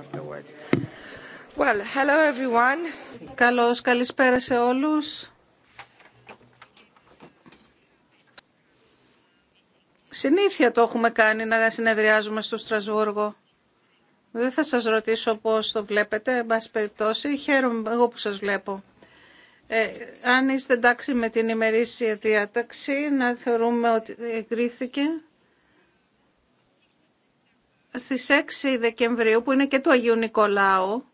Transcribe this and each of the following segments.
afterwards. everyone. Καλώς, καλησπέρα σε όλους. Συνήθεια το έχουμε κάνει να συνεδριάζουμε στο Στρασβούργο. Δεν θα σας ρωτήσω πώς το βλέπετε, εν πάση περιπτώσει. Χαίρομαι εγώ που σας βλέπω. Ε, αν είστε εντάξει με την ημερήσια διάταξη, να θεωρούμε ότι εγκρίθηκε στις 6 Δεκεμβρίου, που είναι και του Αγίου Νικολάου,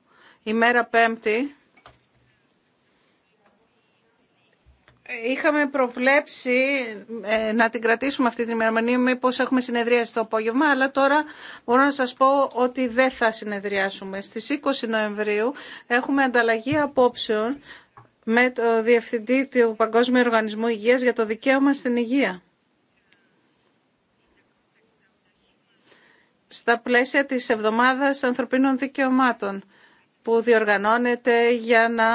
ημέρα Πέμπτη, Είχαμε προβλέψει ε, να την κρατήσουμε αυτή την ημερομηνία, μήπω έχουμε συνεδρίαση το απόγευμα, αλλά τώρα μπορώ να σας πω ότι δεν θα συνεδριάσουμε. Στις 20 Νοεμβρίου έχουμε ανταλλαγή απόψεων με το Διευθυντή του Παγκόσμιου Οργανισμού Υγείας για το δικαίωμα στην υγεία. στα πλαίσια της Εβδομάδας Ανθρωπίνων Δικαιωμάτων που διοργανώνεται για να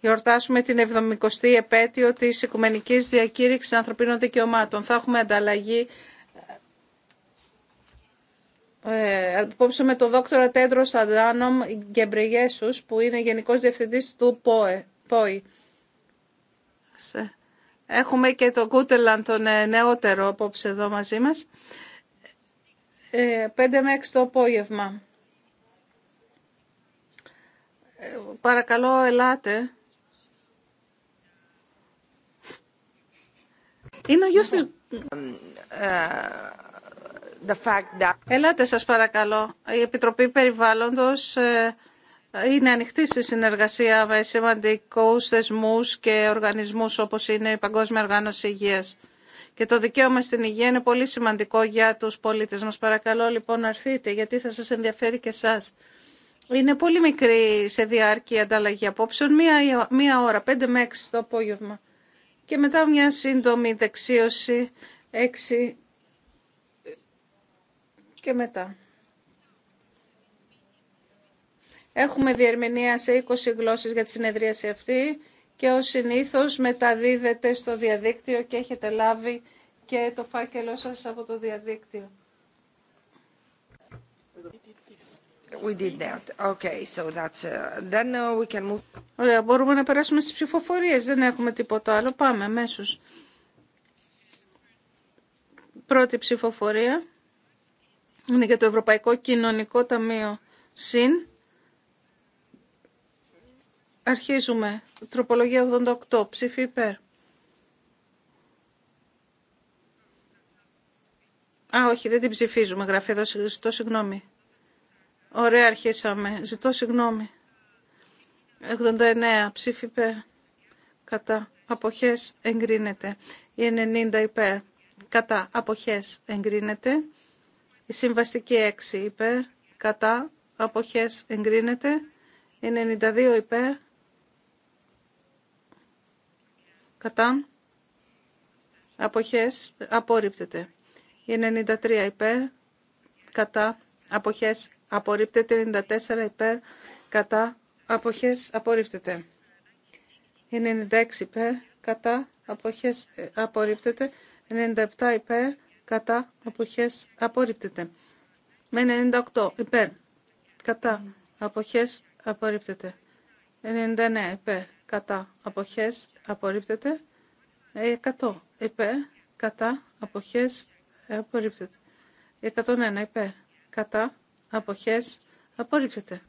γιορτάσουμε την 70η επέτειο της Οικουμενικής Διακήρυξης Ανθρωπίνων Δικαιωμάτων. Θα έχουμε ανταλλαγή ε, απόψε με τον δόκτωρα Τέντρο Σαντάνομ Γκεμπρεγέσους που είναι Γενικός Διευθυντής του ΠΟΕ, ΠΟΗ. Έχουμε και τον Κούτελαν τον ε, νεότερο απόψε εδώ μαζί μας. 5 ε, με 6 το απόγευμα. Ε, παρακαλώ, ελάτε. Είναι ο γιος Ελάτε σας παρακαλώ. Η Επιτροπή Περιβάλλοντος ε, είναι ανοιχτή στη συνεργασία με σημαντικούς θεσμούς και οργανισμούς όπως είναι η Παγκόσμια Οργάνωση Υγείας. Και το δικαίωμα στην υγεία είναι πολύ σημαντικό για τους πολίτες. Μας παρακαλώ λοιπόν να έρθετε γιατί θα σας ενδιαφέρει και εσάς. Είναι πολύ μικρή σε διάρκεια ανταλλαγή απόψεων, μία, μία ώρα, 5 με 6 το απόγευμα. Και μετά μια σύντομη δεξίωση, 6 και μετά. Έχουμε διερμηνία σε 20 γλώσσες για τη συνεδρίαση αυτή και ως συνήθως μεταδίδεται στο διαδίκτυο και έχετε λάβει και το φάκελό σας από το διαδίκτυο. We did that. Okay, so that's, uh, then uh, we can move. Ωραία, μπορούμε να περάσουμε στις ψηφοφορίες. Δεν έχουμε τίποτα άλλο. Πάμε αμέσω. Πρώτη ψηφοφορία είναι για το Ευρωπαϊκό Κοινωνικό Ταμείο ΣΥΝ. Αρχίζουμε. Τροπολογία 88. Ψήφι υπέρ. Α, όχι, δεν την ψηφίζουμε. Γράφει εδώ. Ζητώ συγγνώμη. Ωραία, αρχίσαμε. Ζητώ συγγνώμη. 89. Ψήφι υπέρ. Κατά. Αποχές εγκρίνεται. Η 90 υπέρ. Κατά. Αποχές εγκρίνεται. Η συμβαστική 6 υπέρ. Κατά. Αποχές εγκρίνεται. Η 92 υπέρ. κατά αποχές απορρίπτεται. 93 υπέρ κατά αποχές απορρίπτεται. 94 υπέρ κατά αποχές απορρίπτεται. 96 υπέρ κατά αποχές απορρίπτεται. 97 υπέρ κατά αποχές απορρίπτεται. Με 98 υπέρ κατά αποχές απορρίπτεται. 99 υπέρ κατά αποχές απορρίπτεται 100 υπέρ κατά αποχές απορρίπτεται 101 υπέρ κατά αποχές απορρίπτεται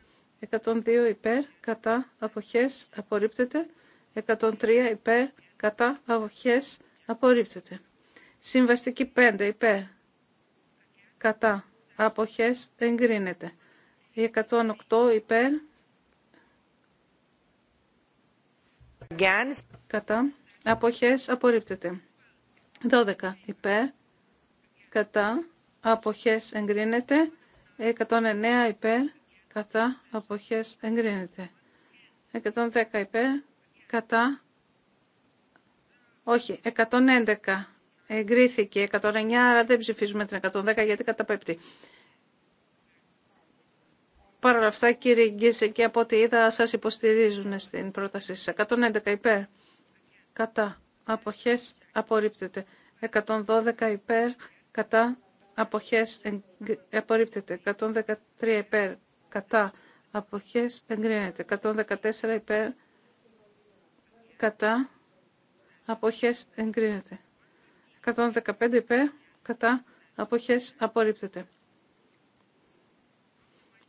102 υπέρ κατά αποχές απορρίπτεται 103 υπέρ κατά αποχές απορρίπτεται συμβαστική 5 υπέρ κατά αποχές εγκρίνεται 108 υπέρ Κατά. Αποχές απορρίπτεται. 12. Υπέρ. Κατά. Αποχές εγκρίνεται. 109 υπέρ. Κατά. Αποχές εγκρίνεται. 110 υπέρ. Κατά. Όχι. 111. Εγκρίθηκε. 109. αλλά δεν ψηφίζουμε την 110 γιατί καταπέπτει. Παρ' όλα αυτά, κύριε Γκίζε, και από ό,τι είδα, σας υποστηρίζουν στην πρότασή σας. 111 υπέρ. Κατά. Αποχές απορρίπτεται. 112 υπέρ. Κατά. Αποχές απορρίπτεται. 113 υπέρ. Κατά. Αποχές εγκρίνεται. 114 υπέρ. Κατά. Αποχές εγκρίνεται. 115 υπέρ. Κατά. Αποχές απορρίπτεται.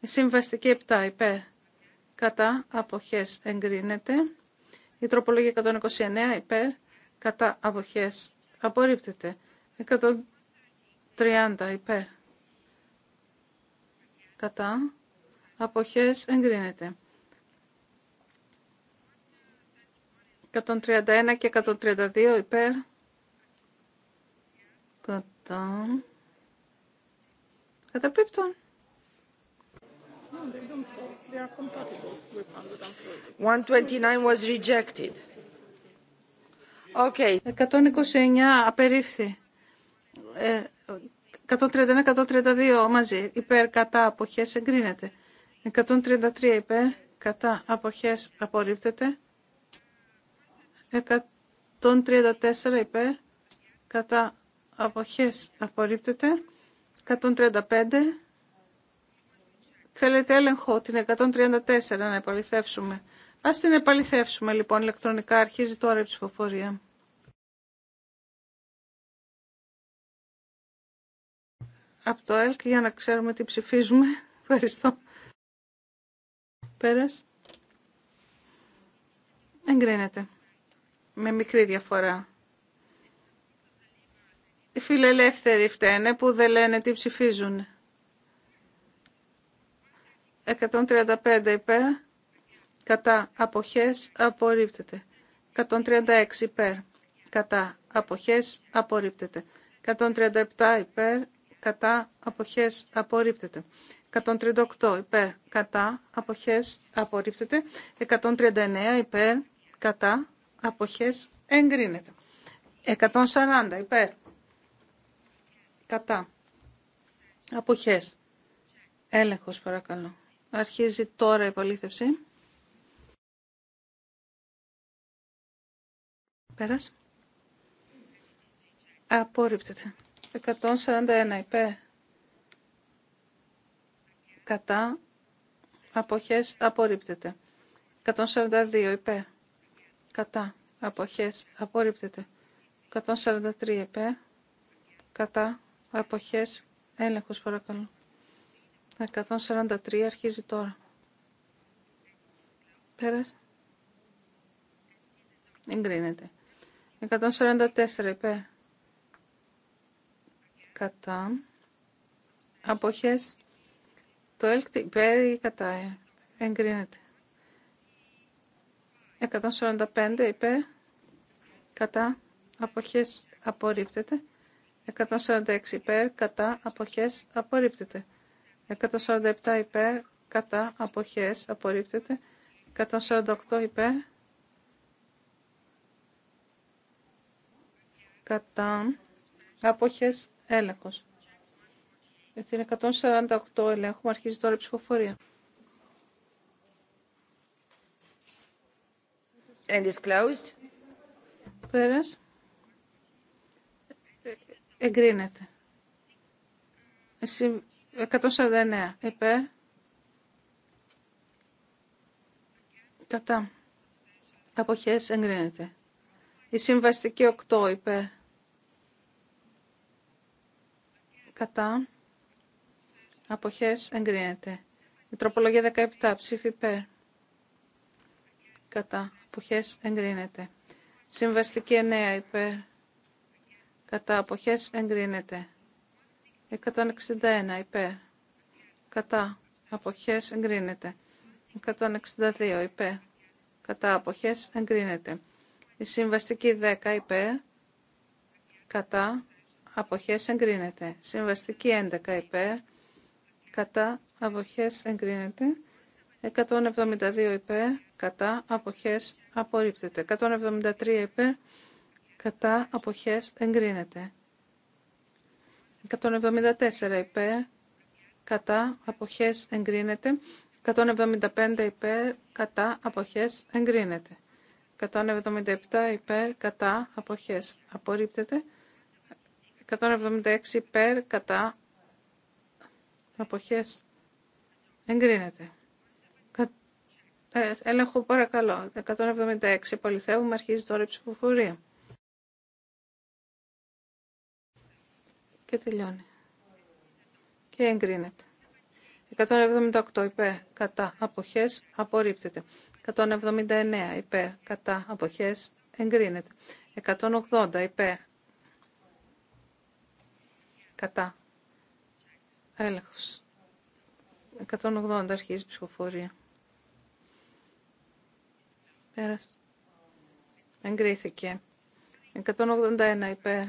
Η συμβαστική 7 υπέρ κατά αποχές εγκρίνεται. Η τροπολογία 129 υπέρ κατά αποχές απορρίπτεται. 130 υπέρ κατά αποχές εγκρίνεται. 131 και 132 υπέρ κατά καταπίπτων 129 was rejected. Okay. 129 απερίφθη. 131-132 ε, μαζί. Υπέρ κατά αποχές εγκρίνεται. 133 υπέρ κατά αποχές απορρίπτεται. 134 υπέρ κατά αποχές απορρίπτεται. 135 Θέλετε έλεγχο την 134 να επαληθεύσουμε. Ας την επαληθεύσουμε λοιπόν ηλεκτρονικά. Αρχίζει τώρα η ψηφοφορία. Από το ΕΛΚ για να ξέρουμε τι ψηφίζουμε. Ευχαριστώ. Πέρας. Εγκρίνεται. Με μικρή διαφορά. Οι φιλελεύθεροι φταίνε που δεν λένε τι ψηφίζουν. 135 υπέρ, κατά αποχές απορρίπτεται. 136 υπέρ, κατά αποχές απορρίπτεται. 137 υπέρ, κατά αποχές απορρίπτεται. 138 υπέρ, κατά αποχές απορρίπτεται. 139 υπέρ, κατά αποχές εγκρίνεται. 140 υπέρ, κατά αποχές. Έλεγχος παρακαλώ. Αρχίζει τώρα η υπολήθευση. Πέρας. Απόρριπτεται. 141 υπέ. Κατά. Αποχές απορρίπτεται. 142 υπέ. Κατά. Αποχές απορρίπτεται. 143 υπέ. Κατά. Αποχές έλεγχος παρακαλώ. 143 αρχίζει τώρα. Πέρασε. Εγκρίνεται. 144 υπέρ. Κατά. Αποχές. Το έλκτη υπέρ ή κατά. Ε, εγκρίνεται. 145 υπέρ. Κατά. Αποχές απορρίπτεται. 146 υπέρ. Κατά. Αποχές απορρίπτεται. 147 υπέρ κατά αποχές απορρίπτεται 148 υπέρ κατά αποχές έλεγχος. Για είναι 148 ελέγχου αρχίζει τώρα η ψηφοφορία. And is closed. Πέρας. Ε, εγκρίνεται. Ε, 149 υπέρ. Κατά. Αποχές εγκρίνεται. Η συμβαστική 8 υπέρ. Κατά. Αποχές εγκρίνεται. Η τροπολογία 17 ψήφι υπέρ. Κατά. Αποχές εγκρίνεται. Συμβαστική 9 υπέρ. Κατά. Αποχές εγκρίνεται. 161 υπέρ. Κατά. Αποχές εγκρίνεται. 162 υπέρ. Κατά αποχές εγκρίνεται. Η συμβαστική 10 υπέρ. Κατά αποχές εγκρίνεται. Συμβαστική 11 υπέρ. Κατά αποχές εγκρίνεται. 172 υπέρ. Κατά αποχές απορρίπτεται. 173 υπέρ. Κατά αποχές εγκρίνεται. 174 υπέρ, κατά, αποχές εγκρίνεται. 175 υπέρ, κατά, αποχές εγκρίνεται. 177 υπέρ, κατά, αποχές απορρίπτεται. 176 υπέρ, κατά, αποχές εγκρίνεται. Ε, έλεγχο παρακαλώ. 176 πολυθεύουμε, αρχίζει τώρα η ψηφοφορία. και τελειώνει. Και εγκρίνεται. 178 υπέρ κατά αποχές απορρίπτεται. 179 υπέρ κατά αποχές εγκρίνεται. 180 υπέρ κατά έλεγχος. 180 αρχίζει η ψηφοφορία. Πέρασε. Εγκρίθηκε. 181 υπέρ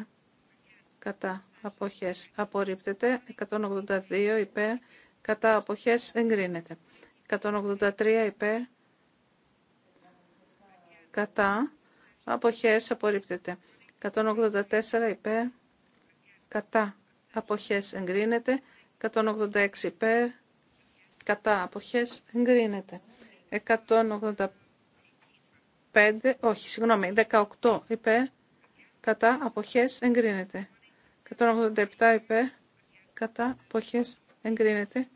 κατά αποχές απορρίπτεται, 182 υπέρ, κατά αποχές εγκρίνεται, 183 υπέρ, κατά αποχές απορρίπτεται, 184 υπέρ, κατά αποχές εγκρίνεται, 186 υπέρ, κατά αποχές εγκρίνεται, 185, όχι συγγνώμη, 18 υπέρ, κατά αποχές εγκρίνεται. 187 υπέρ, κατά, αποχές, εγκρίνεται.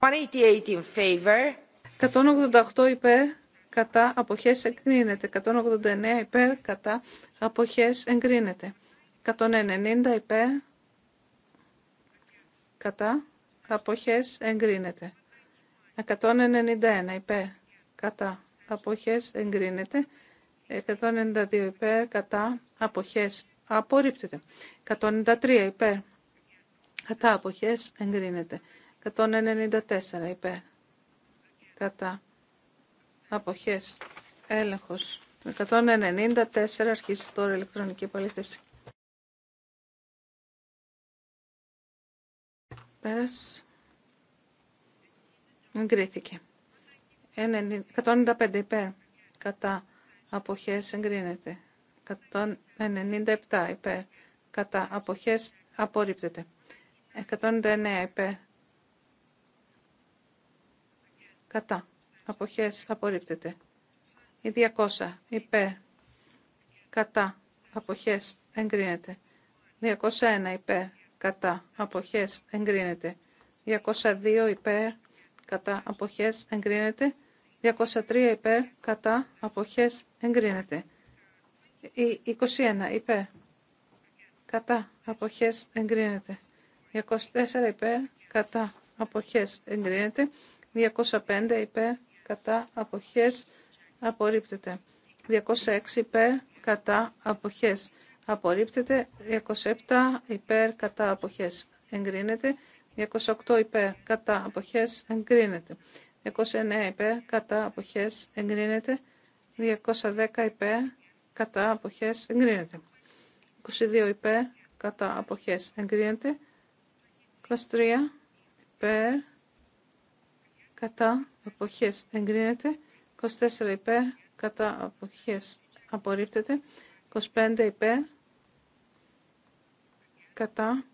188 in favor. 188 υπέρ, κατά, αποχές, εγκρίνεται. 189 υπέρ, κατά, αποχές, εγκρίνεται. 190 υπέρ, κατά, αποχές, εγκρίνεται. 191 υπέρ, κατά, αποχές, εγκρίνεται. 192 υπέρ, κατά, αποχές, απορρίπτεται. 193 υπέρ, κατά αποχές εγκρίνεται. 194 υπέρ, κατά αποχές έλεγχος. 194 αρχίζει τώρα η ηλεκτρονική επαλήθευση. Πέρας. Εγκρίθηκε. 195 υπέρ. Κατά αποχές εγκρίνεται. 197 υπέρ. Κατά αποχές απορρίπτεται. 199 υπέρ. Κατά αποχές απορρίπτεται. Η 200 υπέρ. Κατά αποχές εγκρίνεται. 201 υπέρ. Κατά αποχές εγκρίνεται. 202 υπέρ. Κατά αποχές εγκρίνεται. 203 υπέρ. Κατά αποχές εγκρίνεται. 21 υπέρ. Κατά αποχές εγκρίνεται. 204 υπέρ. Κατά αποχές εγκρίνεται. 205 υπέρ. Κατά αποχές απορρίπτεται. 206 υπέρ. Κατά αποχές απορρίπτεται. 207 υπέρ. Κατά αποχές εγκρίνεται. 208 υπέρ. Κατά αποχές εγκρίνεται. 209 υπέρ. Κατά αποχές εγκρίνεται. 210 υπέρ κατά αποχές εγκρίνεται. 22 υπέρ κατά αποχές εγκρίνεται. 23 υπέρ κατά αποχές εγκρίνεται. 24 υπέρ κατά αποχές απορρίπτεται. 25 υπέρ κατά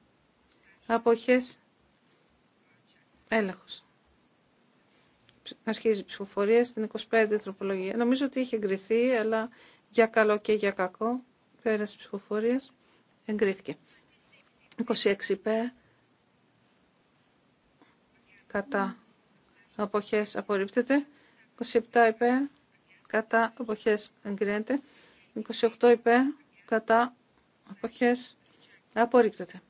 αποχές έλεγχος. Αρχίζει η ψηφοφορία στην 25 τροπολογία. Νομίζω ότι είχε εγκριθεί, αλλά για καλό και για κακό, πέρας ψηφοφορίας, εγκρίθηκε. 26 υπέρ, κατά αποχές απορρίπτεται, 27 υπέρ, κατά αποχές εγκρίνεται, 28 υπέρ, κατά αποχές απορρίπτεται.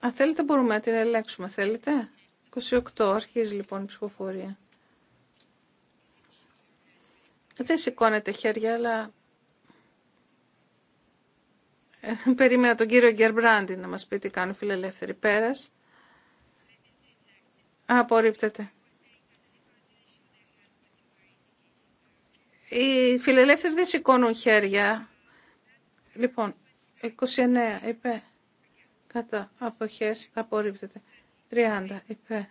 Αν θέλετε μπορούμε να την ελέγξουμε, θέλετε. 28 αρχίζει λοιπόν η ψηφοφορία. Δεν σηκώνετε χέρια, αλλά ε, περίμενα τον κύριο Γκερμπράντι να μας πει τι κάνουν φιλελεύθεροι πέρας. απορρίπτεται. Οι φιλελεύθεροι δεν σηκώνουν χέρια. Λοιπόν, 29 υπέρ. Κατά αποχές απορρίπτεται. 30 υπέρ.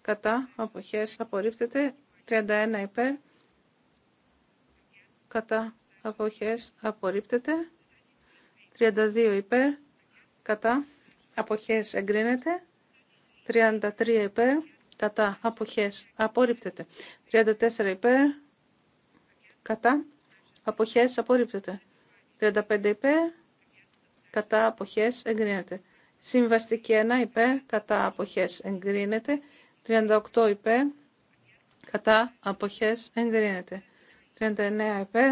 Κατά αποχές απορρίπτεται. 31 υπέρ κατά αποχές απορρίπτεται. 32 υπέρ κατά αποχές εγκρίνεται. 33 υπέρ κατά αποχές απορρίπτεται. 34 υπέρ κατά αποχές απορρίπτεται. 35 υπέρ κατά αποχές εγκρίνεται. Συμβαστική 1 υπέρ κατά αποχές εγκρίνεται. 38 υπέρ κατά αποχές εγκρίνεται. 39 υπέρ,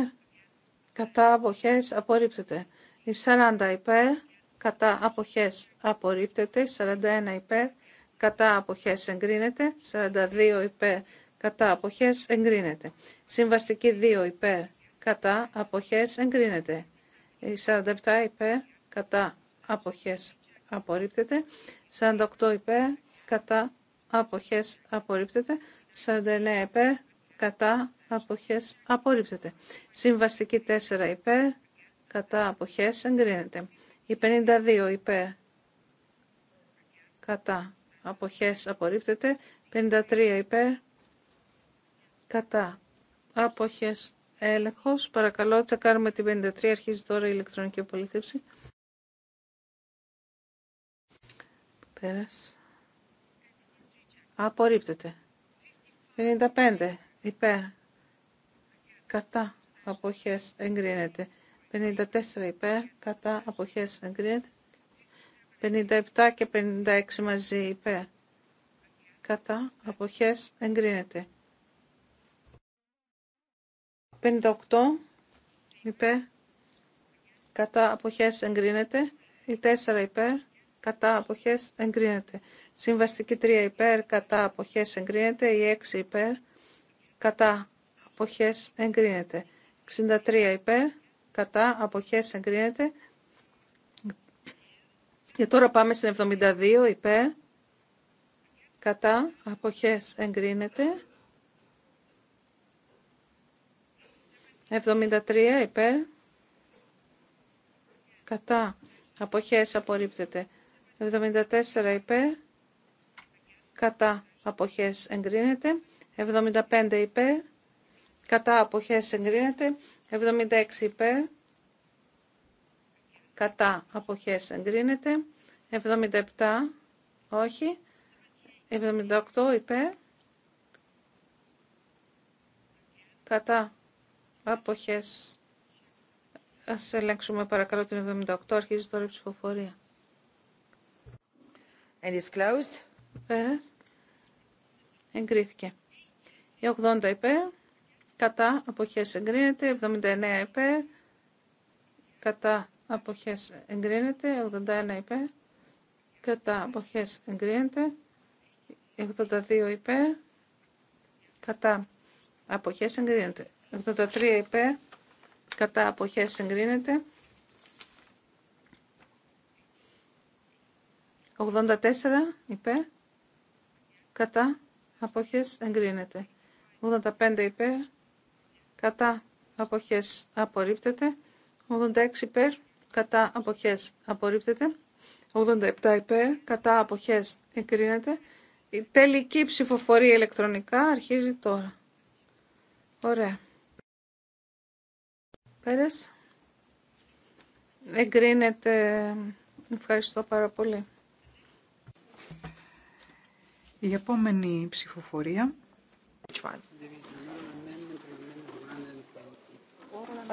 κατά αποχές απορρίπτεται. Η 40 υπέρ, κατά αποχές απορρίπτεται. 41 υπέρ, κατά αποχές εγκρίνεται. 42 υπέρ, κατά αποχές εγκρίνεται. Συμβαστική 2 υπέρ, κατά αποχές εγκρίνεται. Η 47 υπέρ, κατά αποχές απορρίπτεται. 48 υπέρ, κατά αποχές απορρίπτεται. 49 υπέρ, κατά αποχές απορρίπτεται. Συμβαστική 4 υπέρ, κατά αποχές εγκρίνεται. Η 52 υπέρ, κατά αποχές απορρίπτεται. 53 υπέρ, κατά αποχές έλεγχος. Παρακαλώ τσακάρουμε την 53, αρχίζει τώρα η ηλεκτρονική απολύθευση. Πέρασε. Απορρίπτεται. 55 υπέρ, κατά αποχές εγκρίνεται. 54 υπέρ κατά αποχές εγκρίνεται. 57 και 56 μαζί υπέρ κατά αποχές εγκρίνεται. 58 υπέρ κατά αποχές εγκρίνεται. Η 4 υπέρ κατά αποχές εγκρίνεται. Συμβαστική 3 υπέρ κατά αποχές εγκρίνεται. Η 6 υπέρ κατά αποχές εγκρίνεται. 63 υπέρ, κατά, αποχές εγκρίνεται. Και τώρα πάμε στην 72 υπέρ, κατά, αποχές εγκρίνεται. 73 υπέρ, κατά, αποχές απορρίπτεται. 74 υπέρ, κατά, αποχές εγκρίνεται. 75 υπέρ, κατά αποχές εγκρίνεται, 76 υπέρ, κατά αποχές εγκρίνεται, 77 όχι, 78 υπέρ, κατά αποχές Ας ελέγξουμε παρακαλώ την 78, αρχίζει τώρα η ψηφοφορία. And it's Πέρας. Εγκρίθηκε. Η 80 υπέρ κατά αποχές εγκρίνεται, 79 υπέρ, κατά αποχές εγκρίνεται, 81 υπέρ, κατά αποχές εγκρίνεται, 82 υπέρ, κατά αποχές εγκρίνεται, 83 υπέρ, κατά αποχές εγκρίνεται, 84 υπέρ, κατά αποχές εγκρίνεται, 85 υπέρ, κατά αποχές απορρίπτεται. 86 υπέρ κατά αποχές απορρίπτεται. 87 υπέρ κατά αποχές εγκρίνεται. Η τελική ψηφοφορία ηλεκτρονικά αρχίζει τώρα. Ωραία. Πέρες. Εγκρίνεται. Ευχαριστώ πάρα πολύ. Η επόμενη ψηφοφορία. Which 120?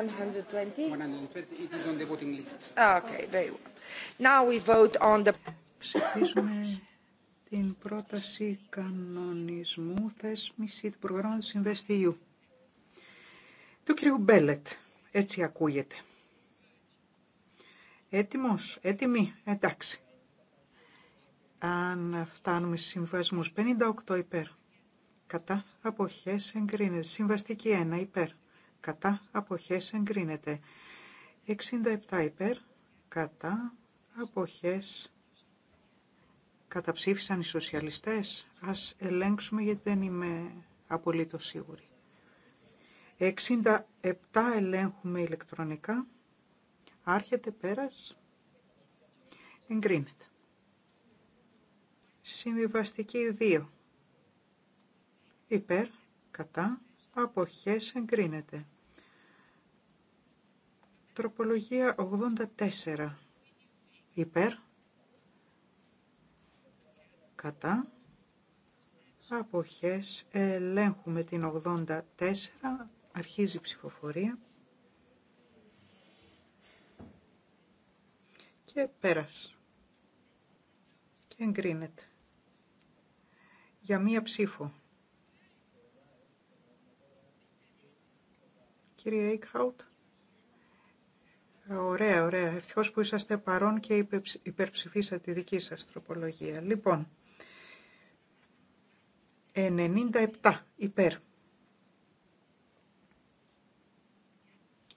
την πρόταση κανονισμού θέσμιση του προγράμματος συμβεστιού. Του κυρίου Μπέλετ. Έτσι ακούγεται. Έτοιμος, έτοιμη εντάξει. Αν φτάνουμε στις συμβασμούς 58 υπέρ. Κατά αποχές εγκρίνεται. Συμβαστική 1 υπέρ κατά αποχές εγκρίνεται. 67 υπέρ κατά αποχές καταψήφισαν οι σοσιαλιστές. Ας ελέγξουμε γιατί δεν είμαι απολύτως σίγουρη. 67 ελέγχουμε ηλεκτρονικά. Άρχεται πέρας. Εγκρίνεται. Συμβιβαστική 2. Υπέρ, κατά, αποχές εγκρίνεται. Τροπολογία 84. Υπέρ. Κατά. Αποχές. Ελέγχουμε την 84. Αρχίζει η ψηφοφορία. Και πέρας. Και εγκρίνεται. Για μία ψήφο. Κυρία Ικχάουτ. Ωραία, ωραία. Ευτυχώς που είσαστε παρόν και υπερψηφίσατε τη δική σας τροπολογία. Λοιπόν, 97 υπέρ.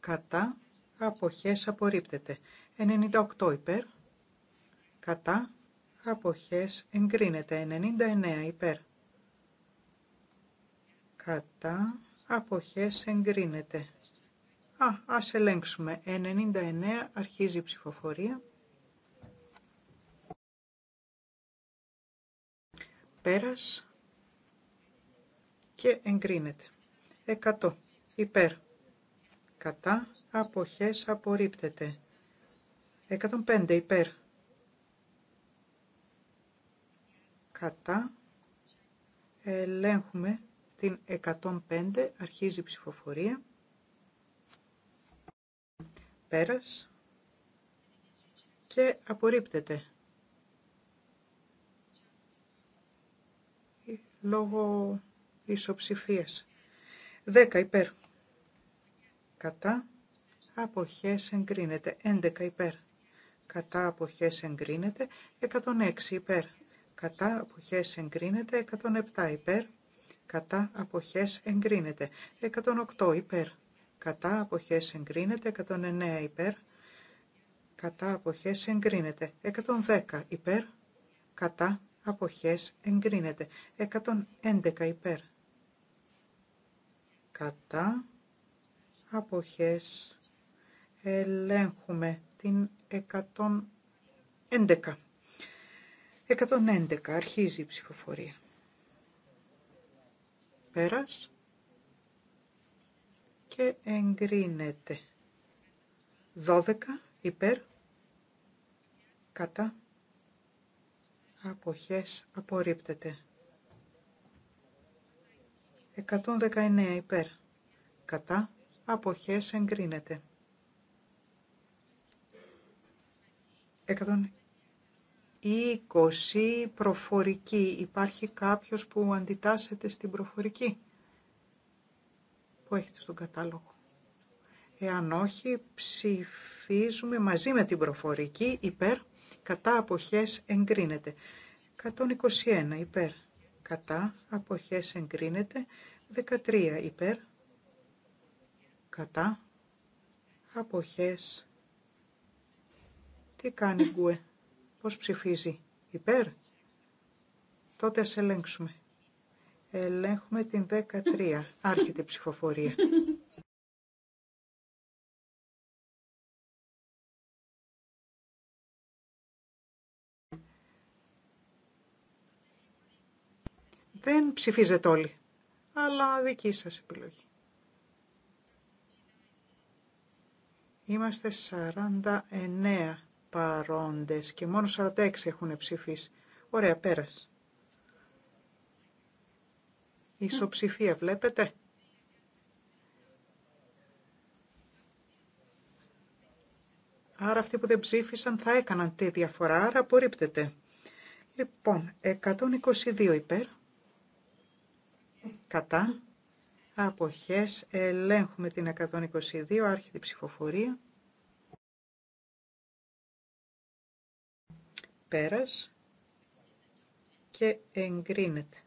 Κατά αποχές απορρίπτεται. 98 υπέρ. Κατά αποχές εγκρίνεται. 99 υπέρ. Κατά αποχές εγκρίνεται. Α, ας ελέγξουμε. 99 αρχίζει η ψηφοφορία. Πέρας και εγκρίνεται. 100 υπέρ. Κατά αποχές απορρίπτεται. 105 υπέρ. Κατά ελέγχουμε την 105 αρχίζει η ψηφοφορία. Πέρας. Και απορρίπτεται. Λόγω ισοψηφίας. 10 υπέρ. Κατά. Αποχές εγκρίνεται. 11 υπέρ. Κατά αποχές εγκρίνεται. 106 υπέρ. Κατά αποχές εγκρίνεται. 107 υπέρ. Κατά αποχές εγκρίνεται. 108 υπέρ κατά αποχές εγκρίνεται, 109 υπέρ, κατά αποχές εγκρίνεται, 110 υπέρ, κατά αποχές εγκρίνεται, 111 υπέρ, κατά αποχές ελέγχουμε την 111. 111 αρχίζει η ψηφοφορία. Πέρας και εγκρίνεται. 12 υπέρ κατά αποχές απορρίπτεται. 119 υπέρ κατά αποχές εγκρίνεται. 120 προφορική. Υπάρχει κάποιος που αντιτάσσεται στην προφορική που έχετε στον κατάλογο. Εάν όχι, ψηφίζουμε μαζί με την προφορική υπέρ, κατά αποχές εγκρίνεται. 121 υπέρ, κατά αποχές εγκρίνεται. 13 υπέρ, κατά αποχές. Τι κάνει Γκουε, πώς ψηφίζει, υπέρ. Τότε ας ελέγξουμε. Ελέγχουμε την 13. Άρχεται η ψηφοφορία. Δεν ψηφίζετε όλοι, αλλά δική σας επιλογή. Είμαστε 49 παρόντες και μόνο 46 έχουν ψηφίσει. Ωραία, πέρασε. Ισοψηφία, βλέπετε. Άρα αυτοί που δεν ψήφισαν θα έκαναν τη διαφορά, άρα απορρίπτεται. Λοιπόν, 122 υπέρ. Κατά. Αποχές. Ελέγχουμε την 122, άρχεται η ψηφοφορία. Πέρας. Και εγκρίνεται.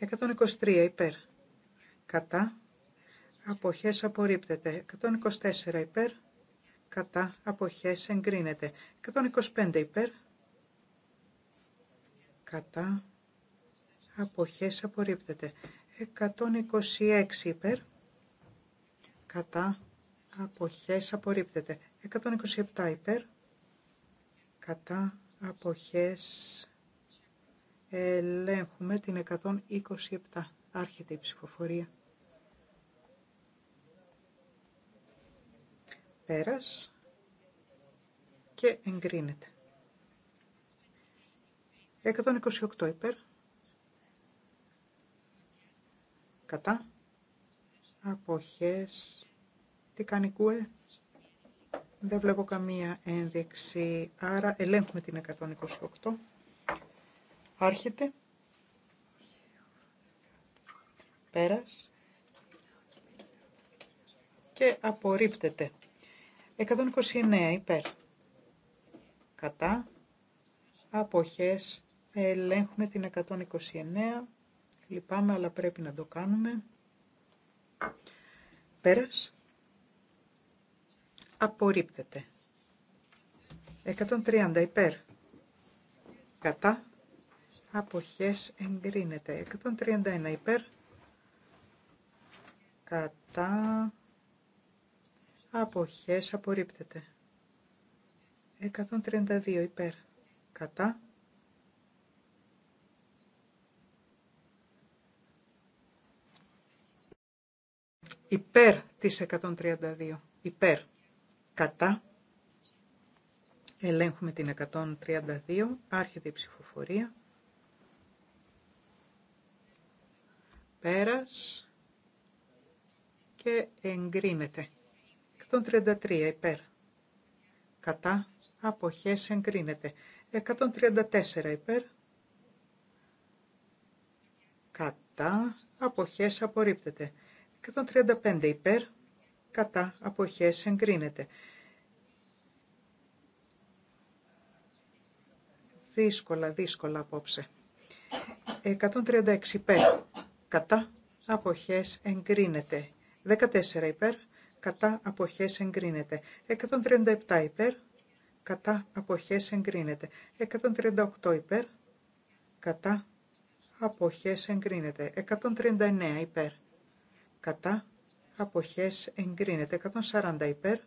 123 υπέρ. Κατά. Αποχές απορρίπτεται. 124 υπέρ. Κατά. Αποχές εγκρίνεται. 125 υπέρ. Κατά. Αποχές απορρίπτεται. 126 υπέρ. Κατά. Αποχές απορρίπτεται. 127 υπέρ. Κατά. Αποχές Ελέγχουμε την 127. Άρχεται η ψηφοφορία. Πέρας και εγκρίνεται. 128 υπέρ. Κατά. Αποχές. Τι κάνει κουέ. Δεν βλέπω καμία ένδειξη. Άρα ελέγχουμε την 128. Άρχεται. Πέρας. Και απορρίπτεται. 129 υπέρ. Κατά. Αποχές. Ελέγχουμε την 129. Λυπάμαι, αλλά πρέπει να το κάνουμε. Πέρας. Απορρίπτεται. 130 υπέρ. Κατά αποχές εγκρίνεται. 131 υπέρ κατά αποχές απορρίπτεται. 132 υπέρ κατά υπέρ της 132 υπέρ κατά ελέγχουμε την 132 άρχεται η ψηφοφορία Πέρας. Και εγκρίνεται. 133 υπέρ. Κατά. Αποχές εγκρίνεται. 134 υπέρ. Κατά. Αποχές απορρίπτεται. 135 υπέρ. Κατά. Αποχές εγκρίνεται. Δύσκολα, δύσκολα απόψε. 136 υπέρ κατά αποχές εγκρίνεται. 14 υπέρ, κατά αποχές εγκρίνεται. 137 υπέρ, κατά αποχές εγκρίνεται. 138 υπέρ, κατά αποχές εγκρίνεται. 139 υπέρ, κατά αποχές εγκρίνεται. 140 υπέρ,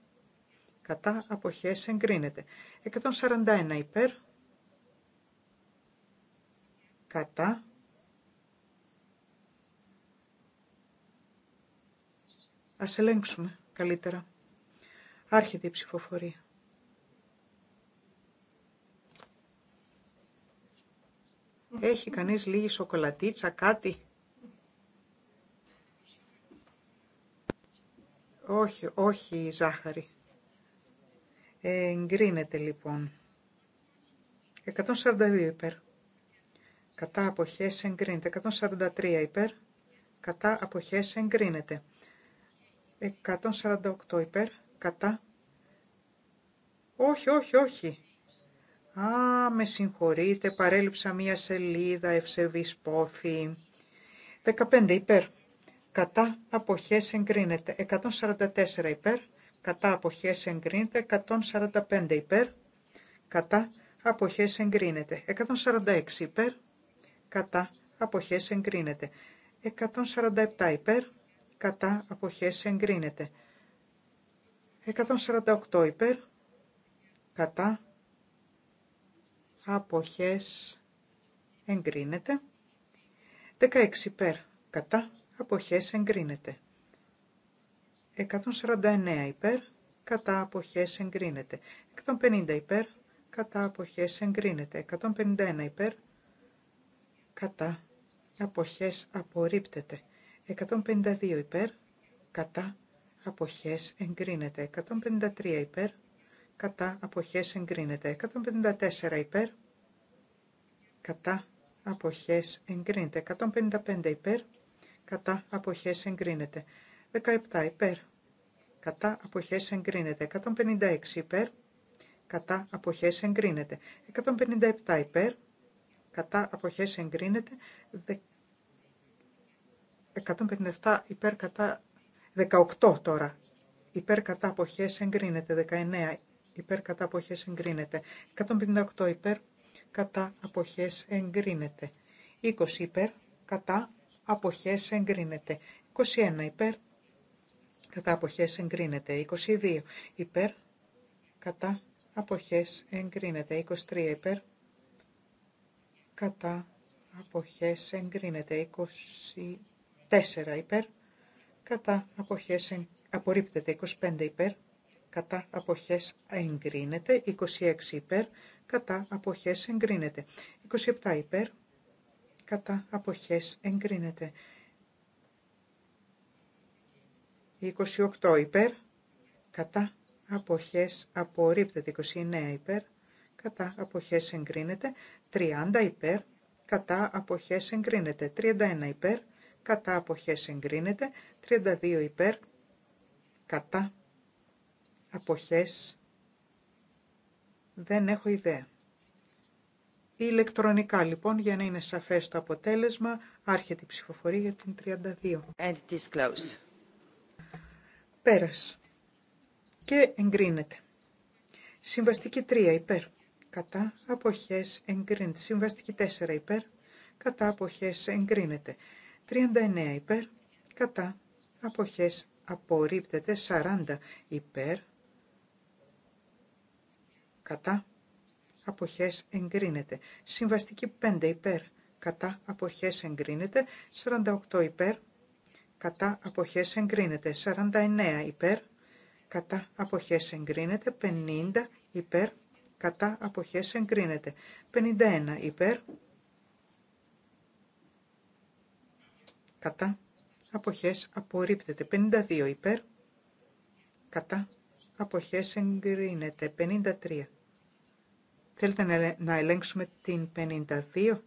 κατά αποχές εγκρίνεται. 141 υπέρ, κατά Ας ελέγξουμε καλύτερα. Άρχεται η ψηφοφορία. Έχει κανείς λίγη σοκολατίτσα, κάτι. Όχι, όχι η ζάχαρη. Ε, εγκρίνεται λοιπόν. 142 υπέρ. Κατά αποχές εγκρίνεται. 143 υπέρ. Κατά αποχές εγκρίνεται. 148 υπέρ, κατά. Όχι, όχι, όχι. Α, με συγχωρείτε, παρέλειψα μία σελίδα, ευσεβής πόθη. 15 υπέρ, κατά αποχές εγκρίνεται. 144 υπέρ, κατά αποχές εγκρίνεται. 145 υπέρ, κατά αποχές εγκρίνεται. 146 υπέρ, κατά αποχές εγκρίνεται. 147 υπέρ, κατά αποχές εγκρίνεται. 148 υπέρ, κατά αποχές εγκρίνεται. 16 υπέρ, κατά αποχές εγκρίνεται. 149 υπέρ, κατά αποχές εγκρίνεται. 150 υπέρ, κατά αποχές εγκρίνεται. 151 υπέρ, κατά αποχές απορρίπτεται. 152 υπέρ, κατά, αποχές εγκρίνεται. 153 υπέρ, κατά, αποχές εγκρίνεται. 154 υπέρ, κατά, αποχές εγκρίνεται. 155 υπέρ, κατά, αποχές εγκρίνεται. 17 υπέρ, κατά, αποχές εγκρίνεται. 156 υπέρ, κατά, αποχές εγκρίνεται. 157 υπέρ, κατά, αποχές εγκρίνεται. 157 υπέρ κατά 18 τώρα. Υπέρ κατά αποχές εγκρίνεται. 19 υπέρ κατά αποχές εγκρίνεται. 158 υπέρ κατά αποχές εγκρίνεται. 20 υπέρ κατά αποχές εγκρίνεται. 21 υπέρ κατά αποχές εγκρίνεται. 22 υπέρ κατά αποχές εγκρίνεται. 23 υπέρ κατά αποχές εγκρίνεται. 24 4 υπέρ, κατά αποχές απορρίπτεται 25 υπέρ, κατά αποχές εγκρίνεται, 26 υπέρ, κατά αποχές εγκρίνεται, 27 υπέρ, κατά αποχές εγκρίνεται, 28 υπέρ, κατά αποχές απορρίπτεται, 29 υπέρ, κατά αποχές εγκρίνεται, 30 υπέρ, κατά αποχές εγκρίνεται, 31 υπέρ, κατά αποχές εγκρίνεται, 32 υπέρ, κατά αποχές δεν έχω ιδέα. ηλεκτρονικά λοιπόν για να είναι σαφές το αποτέλεσμα άρχεται η ψηφοφορία για την 32. And is closed. Πέρας. Και εγκρίνεται. Συμβαστική 3 υπέρ. Κατά αποχές εγκρίνεται. Συμβαστική 4 υπέρ. Κατά αποχές εγκρίνεται. 39 υπέρ, κατά, αποχές απορρίπτεται 40 υπέρ, κατά, αποχές εγκρίνεται. Συμβαστική 5 υπέρ, κατά, αποχές εγκρίνεται. 48 υπέρ, κατά, αποχές εγκρίνεται. 49 υπέρ, κατά, αποχές εγκρίνεται. 50 υπέρ, κατά, αποχές εγκρίνεται. 51 υπέρ, κατά, αποχές απορρίπτεται. 52 υπέρ, κατά, αποχές εγκρίνεται. 53. Θέλετε να ελέγξουμε την 52.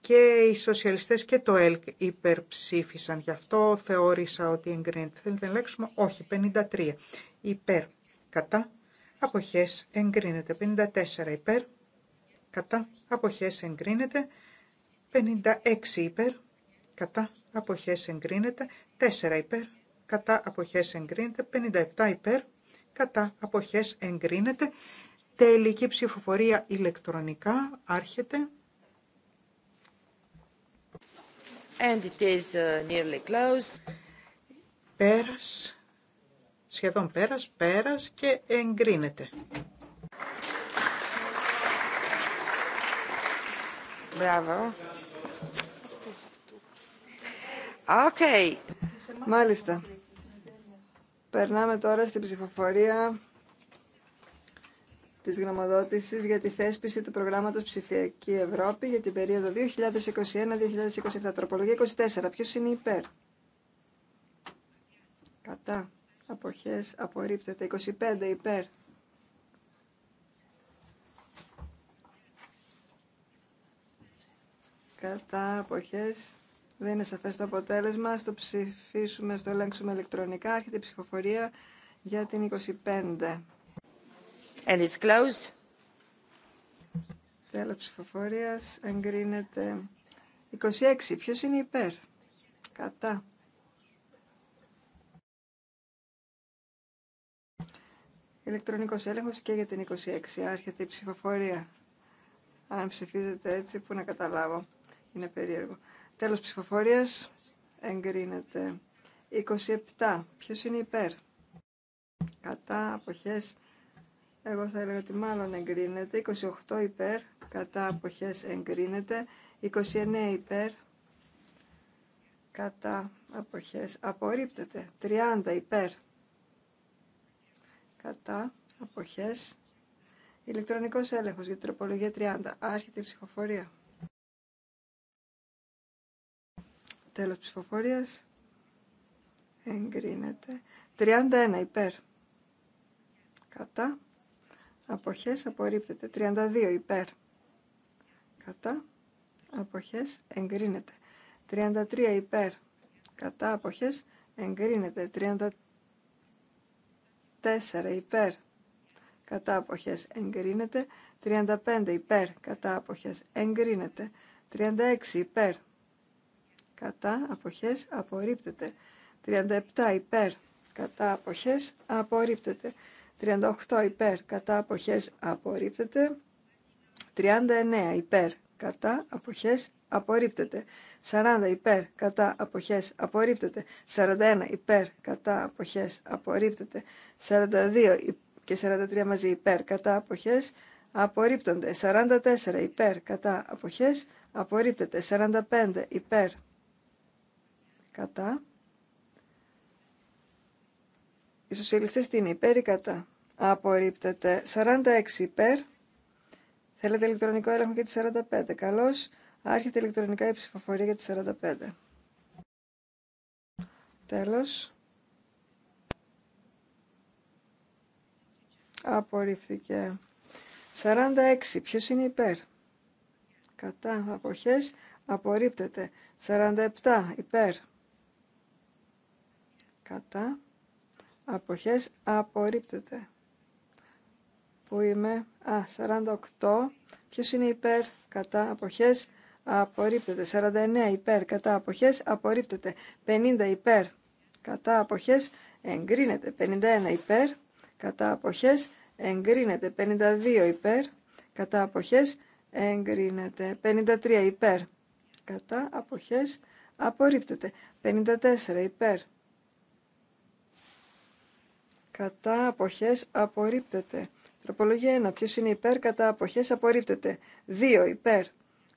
Και οι σοσιαλιστές και το ΕΛΚ υπερψήφισαν. Γι' αυτό θεώρησα ότι εγκρίνεται. Θέλετε να ελέγξουμε. Όχι. 53. Υπέρ. Κατά. Αποχές εγκρίνεται. 54. Υπέρ. Κατά. Αποχές εγκρίνεται. 56 υπέρ, κατά αποχές εγκρίνεται, 4 υπέρ, κατά αποχές εγκρίνεται, 57 υπέρ, κατά αποχές εγκρίνεται, τελική ψηφοφορία ηλεκτρονικά, άρχεται. And it is uh, nearly closed. Πέρας, σχεδόν πέρας, πέρας και εγκρίνεται. Bravo. Okay. Μάλιστα. Περνάμε τώρα στην ψηφοφορία της γνωμοδότησης για τη θέσπιση του προγράμματος Ψηφιακή Ευρώπη για την περίοδο 2021-2027. Τροπολογία 24. Ποιος είναι υπέρ. Κατά. Αποχές. Απορρίπτεται. 25. Υπέρ. Κατά. Αποχές. Δεν είναι σαφέ το αποτέλεσμα. Στο ψηφίσουμε, στο ελέγξουμε ηλεκτρονικά. Άρχεται η ψηφοφορία για την 25. And it's closed. Τέλος ψηφοφορίας. Εγκρίνεται 26. Ποιο είναι υπέρ. Κατά. Ηλεκτρονικός έλεγχος και για την 26. Άρχεται η ψηφοφορία. Αν ψηφίζετε έτσι που να καταλάβω. Είναι περίεργο. Τέλος ψηφοφορίας. Εγκρίνεται. 27. Ποιος είναι υπέρ. Κατά αποχές. Εγώ θα έλεγα ότι μάλλον εγκρίνεται. 28 υπέρ. Κατά αποχές εγκρίνεται. 29 υπέρ. Κατά αποχές απορρίπτεται. 30 υπέρ. Κατά αποχές. Ηλεκτρονικός έλεγχος για τροπολογία 30. Άρχεται η ψηφοφορία. Τέλος ψηφοφορίας. Εγκρίνεται. 31 υπέρ. Κατά. Αποχές απορρίπτεται. 32 υπέρ. Κατά. Αποχές εγκρίνεται. 33 υπέρ. Κατά. Αποχές εγκρίνεται. 34 υπέρ. Κατά. Αποχές εγκρίνεται. 35 υπέρ. Κατά. Αποχές εγκρίνεται. 36 υπέρ κατά αποχές απορρίπτεται. 37 υπέρ κατά αποχές απορρίπτεται. 38 υπέρ κατά αποχές απορρίπτεται. 39 υπέρ κατά αποχές απορρίπτεται. 40 υπέρ κατά αποχές απορρίπτεται. 41 υπέρ κατά αποχές απορρίπτεται. 42 και 43 μαζί υπέρ κατά αποχές απορρίπτονται. 44 υπέρ κατά αποχές απορρίπτεται. 45 υπέρ κατά. Οι σοσιαλιστές τι είναι, υπέρ ή κατά. Απορρίπτεται. 46 υπέρ. Θέλετε ηλεκτρονικό έλεγχο για τη 45. Καλώς. Άρχεται ηλεκτρονικά η ψηφοφορία για τη 45. Τέλος. Απορρίφθηκε. 46. Ποιος είναι υπέρ. Κατά αποχές απορρίπτεται. 47. Υπέρ κατά αποχές απορρίπτεται που είμαι α, 48 ποιος είναι υπέρ κατά αποχές απορρίπτεται 49 υπέρ κατά αποχές απορρίπτεται 50 υπέρ κατά αποχές εγκρίνεται 51 υπέρ κατά αποχές εγκρίνεται 52 υπέρ κατά αποχές εγκρίνεται 53 υπέρ κατά αποχές απορρίπτεται 54 υπέρ κατά αποχές απορρίπτεται. Τροπολογία 1. Ποιο είναι υπέρ κατά αποχές απορρίπτεται. 2. Υπέρ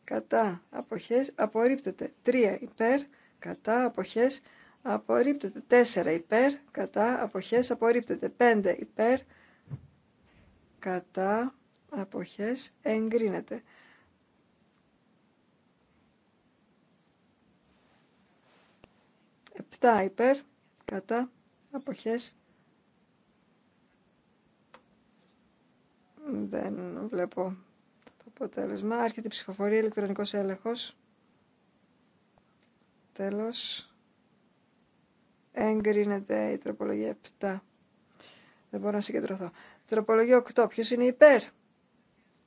κατά αποχές απορρίπτεται. 3. Υπέρ κατά αποχές απορρίπτεται. 4. Υπέρ κατά αποχές απορρίπτεται. 5. Υπέρ κατά αποχές εγκρίνεται. Επτά υπέρ κατά αποχές Δεν βλέπω το αποτέλεσμα. Άρχεται η ψηφοφορία, ηλεκτρονικός έλεγχος. Τέλος. Εγκρίνεται η τροπολογία 7. Δεν μπορώ να συγκεντρωθώ. Τροπολογία 8. Ποιος είναι υπέρ.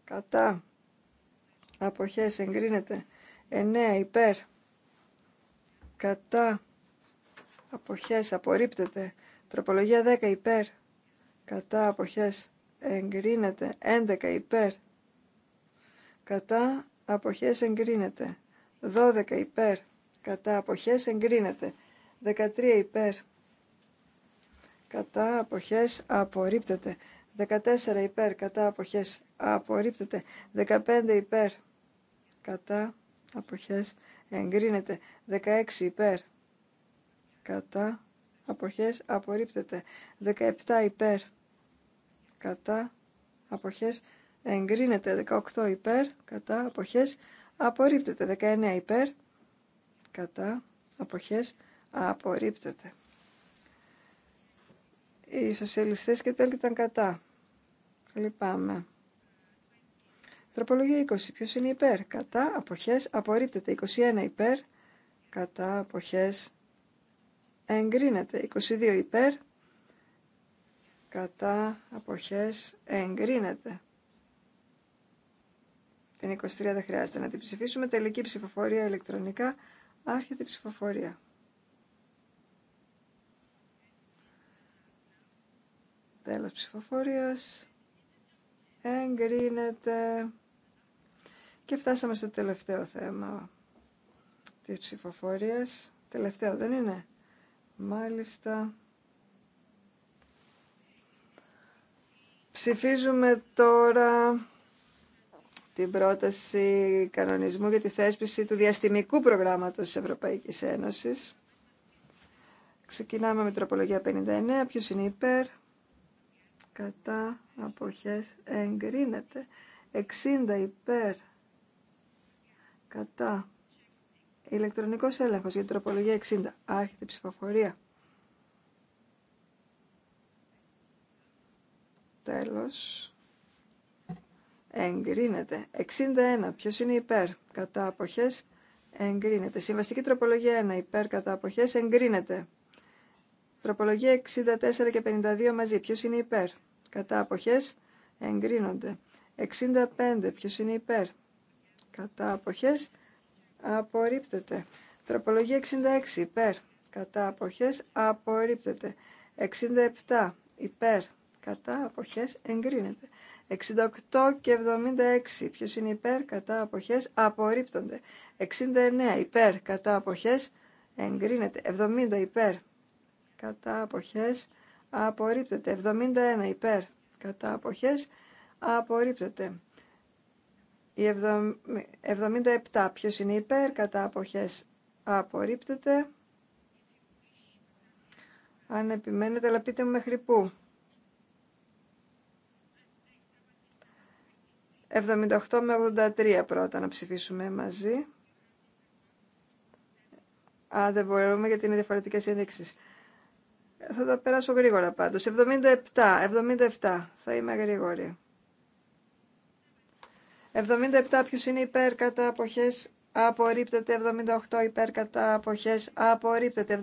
Κατά. Αποχές εγκρίνεται. 9. Υπέρ. Κατά. Αποχές απορρίπτεται. Τροπολογία 10. Υπέρ. Κατά. Αποχές εγκρίνεται 11 υπέρ κατά αποχές εγκρίνεται 12 υπέρ κατά αποχές εγκρίνεται 13 υπέρ κατά αποχές απορρίπτεται 14 υπέρ κατά αποχές απορρίπτεται 15 υπέρ κατά αποχές εγκρίνεται 16 υπέρ κατά αποχές απορρίπτεται 17 υπέρ κατά αποχές εγκρίνεται 18 υπέρ κατά αποχές απορρίπτεται 19 υπέρ κατά αποχές απορρίπτεται οι σοσιαλιστές και τέλει κατά λυπάμαι τροπολογία 20 ποιος είναι υπέρ κατά αποχές απορρίπτεται 21 υπέρ κατά αποχές εγκρίνεται 22 υπέρ κατά αποχές εγκρίνεται. Την 23 δεν χρειάζεται να την ψηφίσουμε. Τελική ψηφοφορία ηλεκτρονικά. Άρχεται η ψηφοφορία. Τέλος ψηφοφορίας. Εγκρίνεται. Και φτάσαμε στο τελευταίο θέμα της ψηφοφορίας. Τελευταίο δεν είναι. Μάλιστα. Ψηφίζουμε τώρα την πρόταση κανονισμού για τη θέσπιση του διαστημικού προγράμματος της Ευρωπαϊκής Ένωσης. Ξεκινάμε με τροπολογία 59. Ποιος είναι υπέρ, κατά, αποχές, εγκρίνεται. 60 υπέρ, κατά. Ηλεκτρονικός έλεγχος για τροπολογία 60. Άρχεται η ψηφοφορία. Τέλος. Εγκρίνεται. 61. Ποιος είναι υπέρ. Κατά αποχές. Εγκρίνεται. Συμβαστική τροπολογία 1. Υπέρ κατά αποχές. Εγκρίνεται. Τροπολογία 64 και 52 μαζί. Ποιος είναι υπέρ. Κατά αποχές. Εγκρίνονται. 65. Ποιος είναι υπέρ. Κατά αποχές. Απορρίπτεται. Τροπολογία 66. Υπέρ. Κατά αποχές. Απορρίπτεται. 67. Υπέρ κατά αποχές εγκρίνεται. 68 και 76 ποιος είναι υπέρ κατά αποχές απορρίπτονται. 69 υπέρ κατά αποχές εγκρίνεται. 70 υπέρ κατά αποχές απορρίπτεται. 71 υπέρ κατά αποχές απορρίπτεται. 77 ποιος είναι υπέρ κατά αποχές απορρίπτεται. Αν επιμένετε, αλλά πείτε μου μέχρι πού. 78 με 83 πρώτα να ψηφίσουμε μαζί. Α, δεν μπορούμε γιατί είναι διαφορετικέ ενδείξει. Θα τα περάσω γρήγορα πάντω. 77, 77. Θα είμαι γρήγορη. 77 Ποιο είναι υπέρ κατά αποχέ. απορρίπτεται. 78 υπέρ κατά αποχέ. απορρίπτεται.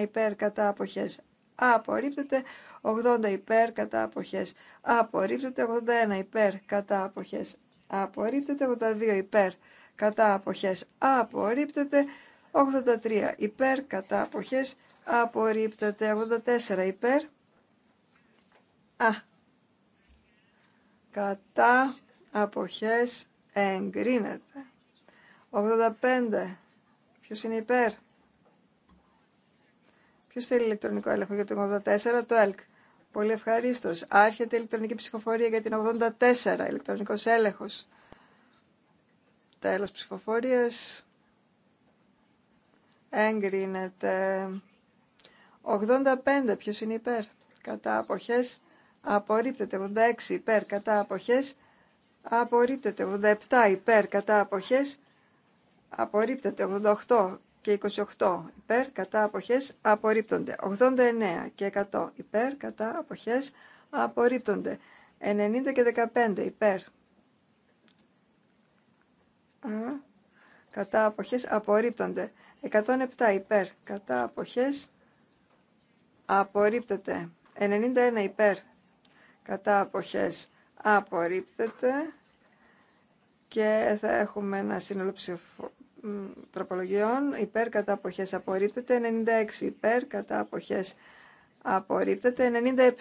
79 υπέρ κατά αποχέ απορρίπτεται, 80 υπέρ κατά αποχές απορρίπτεται, 81 υπέρ κατά αποχές απορρίπτεται, 82 υπέρ κατά αποχές απορρίπτεται, 83 υπέρ κατά αποχές απορρίπτεται, 84 υπέρ α, κατά αποχές εγκρίνεται. 85 ποιος είναι υπέρ Ποιο θέλει ηλεκτρονικό έλεγχο για την 84, το ΕΛΚ. Πολύ ευχαρίστω. Άρχεται η ηλεκτρονική ψηφοφορία για την 84, ηλεκτρονικό έλεγχο. Τέλο ψηφοφορία. Έγκρινεται. 85, ποιο είναι υπέρ. Κατά αποχέ. Απορρίπτεται. 86 υπέρ. Κατά αποχέ. Απορρίπτεται. 87 υπέρ. Κατά αποχέ. Απορρίπτεται. 88 και 28 υπέρ κατά αποχές απορρίπτονται. 89 και 100 υπέρ κατά αποχές απορρίπτονται. 90 και 15 υπέρ κατά αποχές απορρίπτονται. 107 υπέρ κατά αποχές απορρίπτεται. 91 υπέρ κατά αποχές απορρίπτεται και θα έχουμε ένα σύνολο τροπολογιών υπέρ κατά αποχές απορρίπτεται 96 υπέρ κατά αποχές απορρίπτεται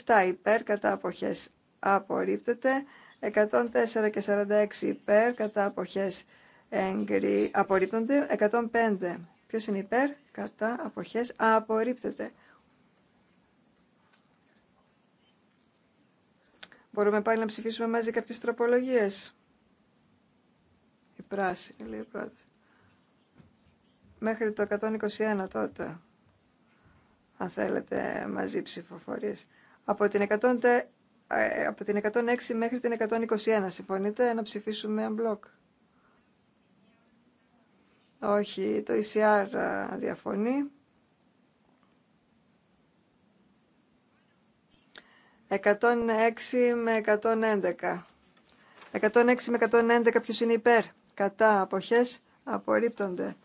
97 υπέρ κατά αποχές απορρίπτεται 104 και 46 υπέρ κατά αποχές εγκρι... απορρίπτονται 105 ποιος είναι υπέρ κατά αποχές απορρίπτεται Μπορούμε πάλι να ψηφίσουμε μαζί κάποιες τροπολογίες. Η πράσινη λέει πρώτα μέχρι το 121 τότε, αν θέλετε μαζί ψηφοφορίες. Από την, 100, ε, από την 106 μέχρι την 121, συμφωνείτε, να ψηφίσουμε μπλοκ. Όχι, το ECR διαφωνεί. 106 με 111. 106 με 111 ποιος είναι υπέρ. Κατά αποχές απορρίπτονται.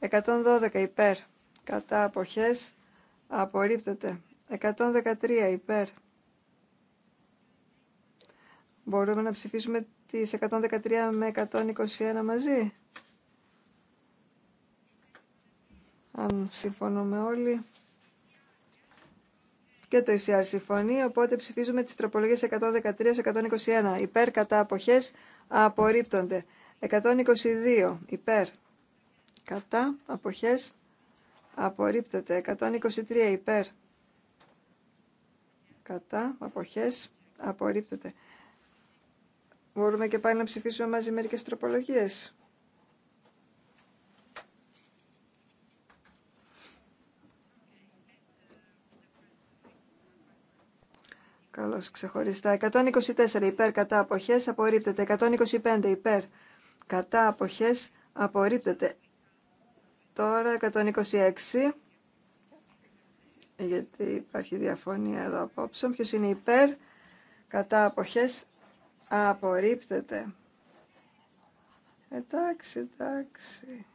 112 υπέρ. Κατά αποχές απορρίπτεται. 113 υπέρ. Μπορούμε να ψηφίσουμε τις 113 με 121 μαζί. Αν συμφωνούμε όλοι. Και το ECR συμφωνεί, οπότε ψηφίζουμε τις τροπολογίες 113-121. Υπέρ κατά αποχές απορρίπτονται. 122 υπέρ κατά αποχές απορρίπτεται 123 υπέρ κατά αποχές απορρίπτεται μπορούμε και πάλι να ψηφίσουμε μαζί μερικές τροπολογίες Καλώς ξεχωριστά. 124 υπέρ κατά αποχές απορρίπτεται. 125 υπέρ κατά αποχές απορρίπτεται. Τώρα 126, γιατί υπάρχει διαφωνία εδώ απόψε. Ποιος είναι υπέρ, κατά αποχές, απορρίπτεται. Εντάξει, εντάξει.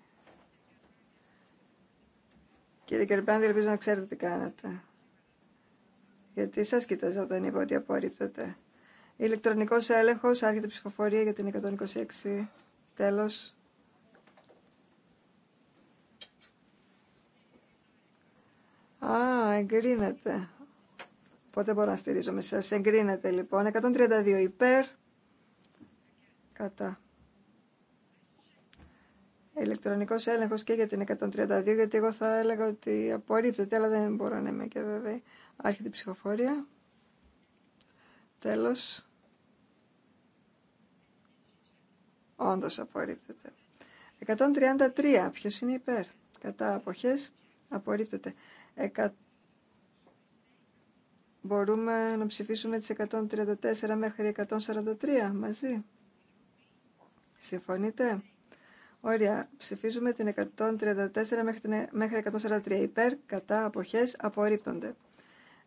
Κύριε δεν ελπίζω να ξέρετε τι κάνετε. Γιατί σας κοιτάζα όταν είπα ότι απορρίπτεται. Ηλεκτρονικός έλεγχος, άρχεται ψηφοφορία για την 126, τέλος. Α, εγκρίνεται. Πότε μπορώ να στηρίζομαι σας. Εγκρίνεται λοιπόν. 132 υπέρ. Κατά. Ηλεκτρονικός έλεγχος και για την 132, γιατί εγώ θα έλεγα ότι απορρίπτεται, αλλά δεν μπορώ να είμαι και βέβαια Άρχεται η ψηφοφορία. Τέλος. Όντως απορρίπτεται. 133. Ποιος είναι υπέρ. Κατά αποχές. Απορρίπτεται. Εκα... Μπορούμε να ψηφίσουμε τις 134 μέχρι 143 μαζί. Συμφωνείτε. Ωραία. Ψηφίζουμε την 134 μέχρι, την... Ε- μέχρι 143. Υπέρ, κατά, αποχές, απορρίπτονται.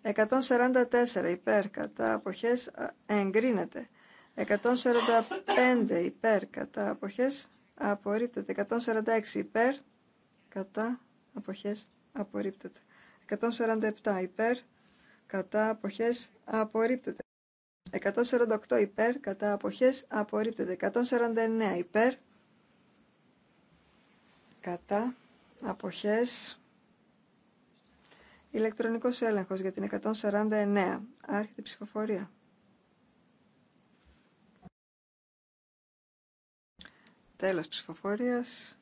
144 υπέρ, κατά, αποχές, εγκρίνεται. 145 υπέρ, κατά, αποχές, απορρίπτεται. 146 υπέρ, κατά, αποχές, απορρίπτεται. 147 υπέρ, κατά αποχές απορρίπτεται. 148 υπέρ, κατά αποχές απορρίπτεται. 149 υπέρ, κατά αποχές ηλεκτρονικός έλεγχος για την 149. Άρχεται η ψηφοφορία. Τέλος ψηφοφορίας.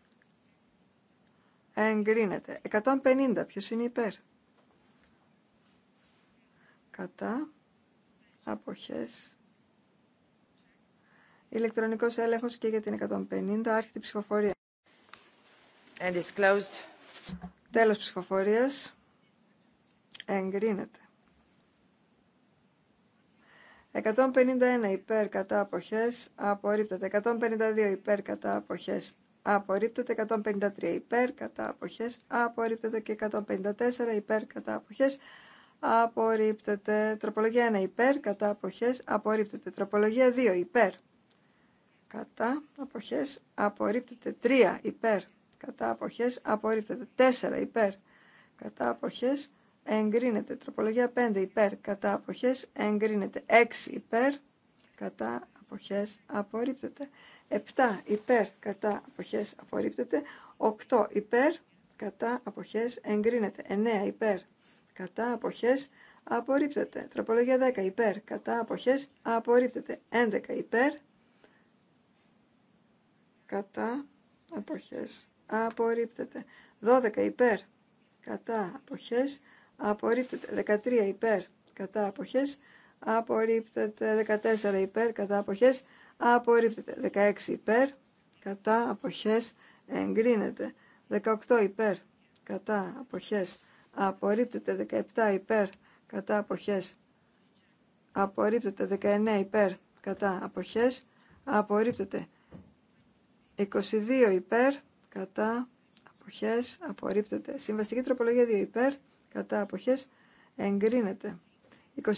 Εγκρίνεται. 150. Ποιος είναι υπέρ κατά αποχές ηλεκτρονικός έλεγχος και για την 150 άρχιτη ψηφοφορία And is closed. τέλος ψηφοφορίας εγκρίνεται 151 υπέρ κατά αποχές απορρίπτεται 152 υπέρ κατά αποχές απορρίπτεται 153 υπέρ κατά αποχές απορρίπτεται και 154 υπέρ κατά αποχές απορρίπτεται. Τροπολογία 1 υπέρ, κατά αποχές απορρίπτεται. Τροπολογία 2 υπέρ, κατά αποχές απορρίπτεται. 3 υπέρ, κατά αποχές απορρίπτεται. 4 υπέρ, κατά αποχές εγκρίνεται. Τροπολογία 5 υπέρ, κατά αποχές εγκρίνεται. 6 υπέρ, κατά αποχές απορρίπτεται. 7 υπέρ, κατά αποχές απορρίπτεται. 8 υπέρ, κατά αποχές εγκρίνεται. 9 υπέρ, κατά αποχέ απορρίπτεται. Τροπολογία 10 υπέρ, κατά αποχέ απορρίπτεται. 11 υπέρ, κατά αποχέ απορρίπτεται. 12 υπέρ, κατά απόχέ, απορρίπτεται. 13 υπέρ, κατά αποχέ απορρίπτεται. 14 υπέρ, κατά αποχέ απορρίπτεται. 16 υπέρ, κατά απόχέ. εγκρίνεται. 18 υπέρ, κατά αποχές απορρίπτεται 17 υπέρ κατά αποχές απορρίπτεται 19 υπέρ κατά αποχές απορρίπτεται 22 υπέρ κατά αποχές απορρίπτεται συμβαστική τροπολογία 2 υπέρ κατά αποχές εγκρίνεται 23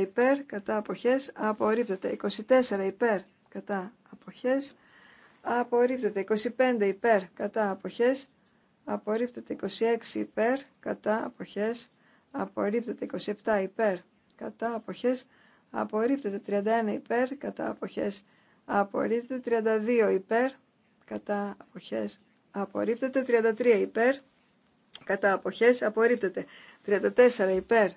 υπέρ κατά αποχές απορρίπτεται 24 υπέρ κατά αποχές απορρίπτεται 25 υπέρ κατά αποχές απορρίπτεται 26 υπέρ, κατά αποχές, απορρίπτεται 27 υπέρ, κατά αποχές, απορρίπτεται 31 υπέρ, κατά αποχές, απορρίπτεται 32 υπέρ, κατά αποχές, απορρίπτεται 33 υπέρ, κατά αποχές, απορρίπτεται 34 υπέρ,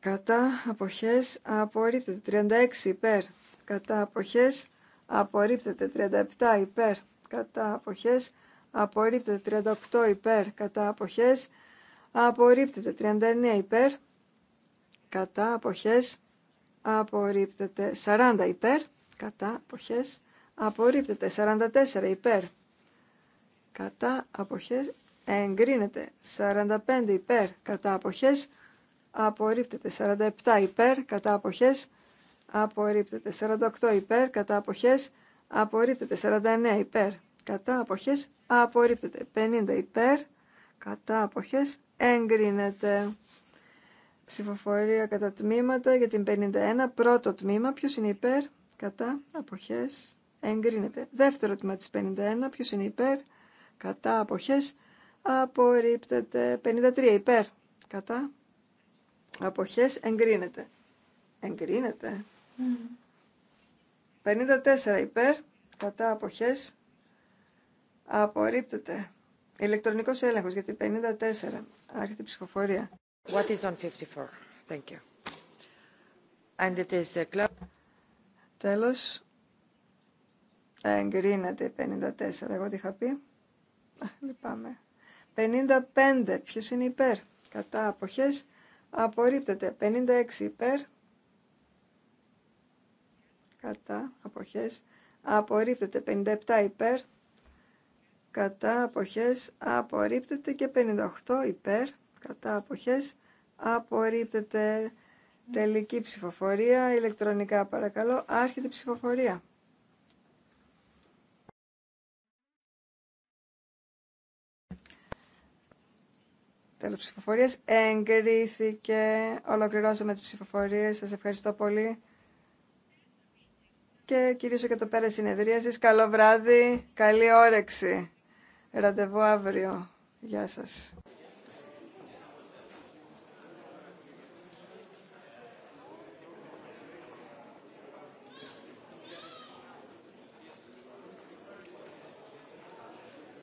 κατά αποχές, απορρίπτεται 36 υπέρ, κατά αποχές, απορρίπτεται 37 υπέρ, κατά αποχές, απορρίπτεται 38 υπέρ κατά αποχές απορρίπτεται 39 υπέρ κατά αποχές απορρίπτεται 40 υπέρ κατά αποχές απορρίπτεται 44 υπέρ κατά αποχές εγκρίνεται 45 υπέρ κατά αποχές απορρίπτεται 47 υπέρ κατά αποχές απορρίπτεται 48 υπέρ κατά αποχές απορρίπτεται 49 υπέρ κατά αποχές απορρίπτεται. 50 υπέρ, κατά αποχές, εγκρίνεται. Ψηφοφορία κατά τμήματα για την 51, πρώτο τμήμα, ποιος είναι υπέρ, κατά αποχές, εγκρίνεται. Δεύτερο τμήμα της 51, ποιος είναι υπέρ, κατά αποχές, απορρίπτεται. 53 υπέρ, κατά αποχές, εγκρίνεται. Εγκρίνεται. 54 υπέρ, κατά αποχές, Απορρίπτεται. Ηλεκτρονικός έλεγχο για την 54. Άρχεται η ψηφοφορία. What is on 54? Thank you. And it is a Τέλος. Εγκρίνεται 54. Εγώ τι είχα πει. λυπάμαι. 55. ποιο είναι υπέρ. Κατά αποχές. Απορρίπτεται. 56 υπέρ. Κατά αποχές. Απορρίπτεται. 57 υπέρ κατά αποχές απορρίπτεται και 58 υπέρ κατά αποχές απορρίπτεται τελική ψηφοφορία ηλεκτρονικά παρακαλώ άρχεται ψηφοφορία τέλος ψηφοφορίας εγκρίθηκε ολοκληρώσαμε τις ψηφοφορίες σας ευχαριστώ πολύ και κυρίως και το πέρα συνεδρίασης καλό βράδυ καλή όρεξη Ραντεβού αύριο. Γεια σας.